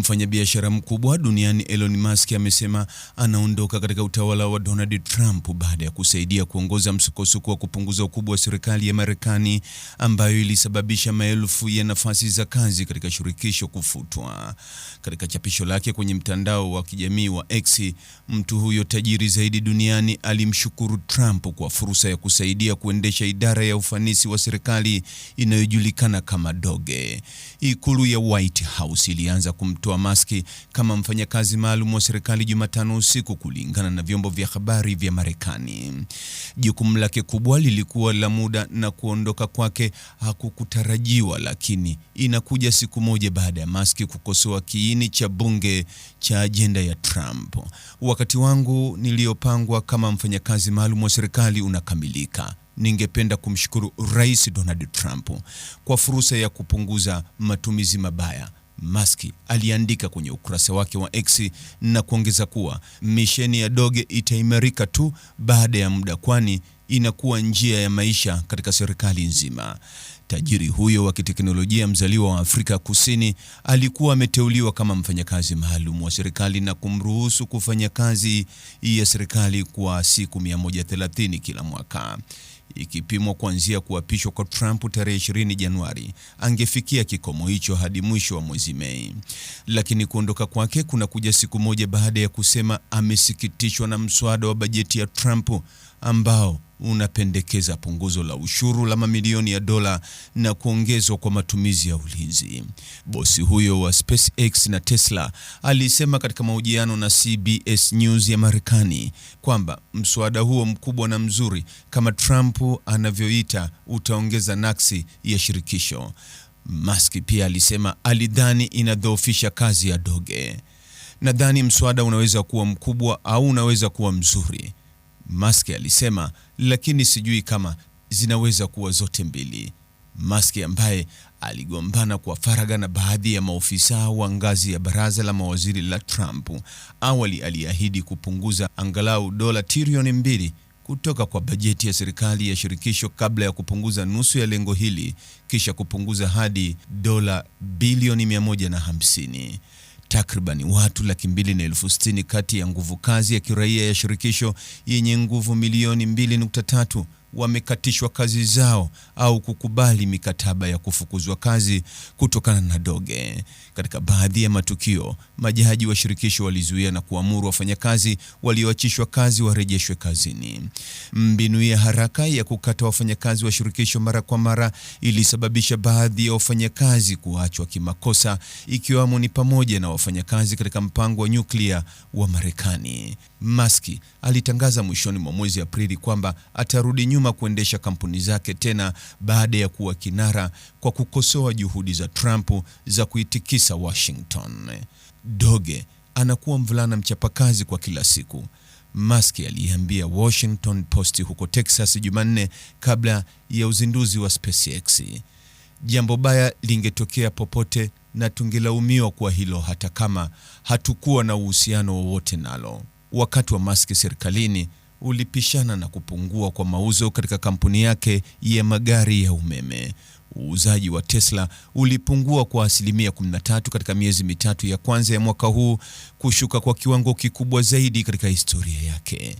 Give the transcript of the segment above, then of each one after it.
Mfanyabiashara mkubwa duniani Elon Musk amesema anaondoka katika utawala wa Donald Trump baada ya kusaidia kuongoza msukosuko wa kupunguza ukubwa wa serikali ya Marekani ambayo ilisababisha maelfu ya nafasi za kazi katika shirikisho kufutwa. Katika chapisho lake kwenye mtandao wa kijamii wa X, mtu huyo tajiri zaidi duniani alimshukuru Trump kwa fursa ya kusaidia kuendesha idara ya ufanisi wa serikali inayojulikana kama DOGE. Ikulu ya White House ilianza kumtoa kutoa maski kama mfanyakazi maalum wa serikali Jumatano usiku, kulingana na vyombo vya habari vya Marekani. Jukumu lake kubwa lilikuwa la muda na kuondoka kwake hakukutarajiwa, lakini inakuja siku moja baada ya maski kukosoa kiini cha bunge cha ajenda ya Trump. Wakati wangu niliyopangwa kama mfanyakazi maalum wa serikali unakamilika. Ningependa kumshukuru Rais Donald Trump kwa fursa ya kupunguza matumizi mabaya Musk aliandika kwenye ukurasa wake wa X na kuongeza kuwa misheni ya Doge itaimarika tu baada ya muda, kwani inakuwa njia ya maisha katika serikali nzima. Tajiri huyo wa kiteknolojia mzaliwa wa Afrika Kusini alikuwa ameteuliwa kama mfanyakazi maalum wa serikali na kumruhusu kufanya kazi ya serikali kwa siku 130 kila mwaka ikipimwa kuanzia kuapishwa kwa Trump tarehe 20 Januari, angefikia kikomo hicho hadi mwisho wa mwezi Mei. Lakini kuondoka kwake kunakuja siku moja baada ya kusema amesikitishwa na mswada wa bajeti ya Trump ambao unapendekeza punguzo la ushuru la mamilioni ya dola na kuongezwa kwa matumizi ya ulinzi. Bosi huyo wa SpaceX na Tesla alisema katika mahojiano na CBS News ya Marekani kwamba mswada huo mkubwa na mzuri, kama Trump anavyoita, utaongeza nakisi ya shirikisho. Musk pia alisema alidhani inadhoofisha kazi ya Doge. Nadhani mswada unaweza kuwa mkubwa au unaweza kuwa mzuri Maske alisema, lakini sijui kama zinaweza kuwa zote mbili. Maske ambaye aligombana kwa faragha na baadhi ya maofisa wa ngazi ya baraza la mawaziri la Trump, awali aliahidi kupunguza angalau dola trilioni mbili kutoka kwa bajeti ya serikali ya shirikisho kabla ya kupunguza nusu ya lengo hili, kisha kupunguza hadi dola bilioni 150. Takribani watu laki mbili na elfu sitini kati ya nguvu kazi ya kiraia ya shirikisho yenye nguvu milioni tatu wamekatishwa kazi zao au kukubali mikataba ya kufukuzwa kazi kutokana na Doge. Katika baadhi ya matukio, majaji wa shirikisho walizuia na kuamuru wafanyakazi walioachishwa kazi warejeshwe kazini. Mbinu ya haraka ya kukata wafanyakazi wa shirikisho mara kwa mara ilisababisha baadhi ya wafanyakazi kuachwa kimakosa, ikiwamo ni pamoja na wafanyakazi katika mpango wa nyuklia wa Marekani. Maski alitangaza mwishoni mwa mwezi Aprili kwamba atarudi nyuma nyuma kuendesha kampuni zake tena baada ya kuwa kinara kwa kukosoa juhudi za Trump za kuitikisa Washington. Doge anakuwa mvulana mchapakazi kwa kila siku, Musk aliambia Washington Post huko Texas Jumanne kabla ya uzinduzi wa SpaceX. Jambo baya lingetokea popote na tungelaumiwa kwa hilo hata kama hatukuwa na uhusiano wowote nalo. Wakati wa Musk serikalini, ulipishana na kupungua kwa mauzo katika kampuni yake ya magari ya umeme uuzaji wa Tesla ulipungua kwa asilimia 13 katika miezi mitatu ya kwanza ya mwaka huu, kushuka kwa kiwango kikubwa zaidi katika historia yake.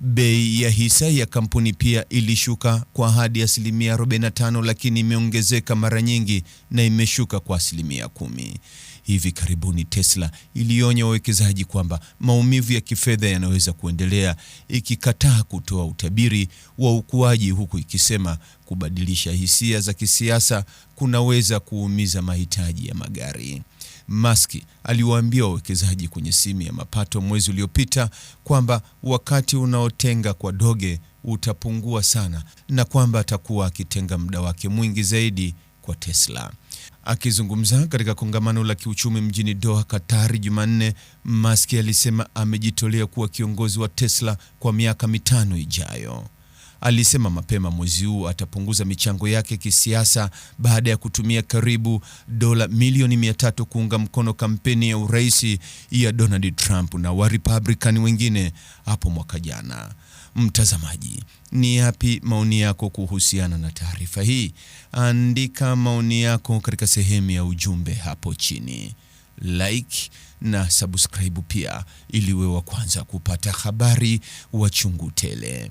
Bei ya hisa ya kampuni pia ilishuka kwa hadi asilimia 45, lakini imeongezeka mara nyingi na imeshuka kwa asilimia kumi. Hivi karibuni Tesla ilionya wawekezaji kwamba maumivu ya kifedha yanaweza kuendelea, ikikataa kutoa utabiri wa ukuaji, huku ikisema kubadilisha hisia za kisiasa kisiasa kunaweza kuumiza mahitaji ya magari. Musk aliwaambia wawekezaji kwenye simu ya mapato mwezi uliopita kwamba wakati unaotenga kwa Doge utapungua sana na kwamba atakuwa akitenga muda wake mwingi zaidi kwa Tesla. Akizungumza katika kongamano la kiuchumi mjini Doha, Katari Jumanne, Musk alisema amejitolea kuwa kiongozi wa Tesla kwa miaka mitano ijayo alisema mapema mwezi huu atapunguza michango yake kisiasa baada ya kutumia karibu dola milioni 300 kuunga mkono kampeni ya urais ya Donald Trump na wa Republican wengine hapo mwaka jana. Mtazamaji, ni yapi maoni yako kuhusiana na taarifa hii? Andika maoni yako katika sehemu ya ujumbe hapo chini. Like na subscribe pia, ili uwe wa kwanza kupata habari wa chungu tele.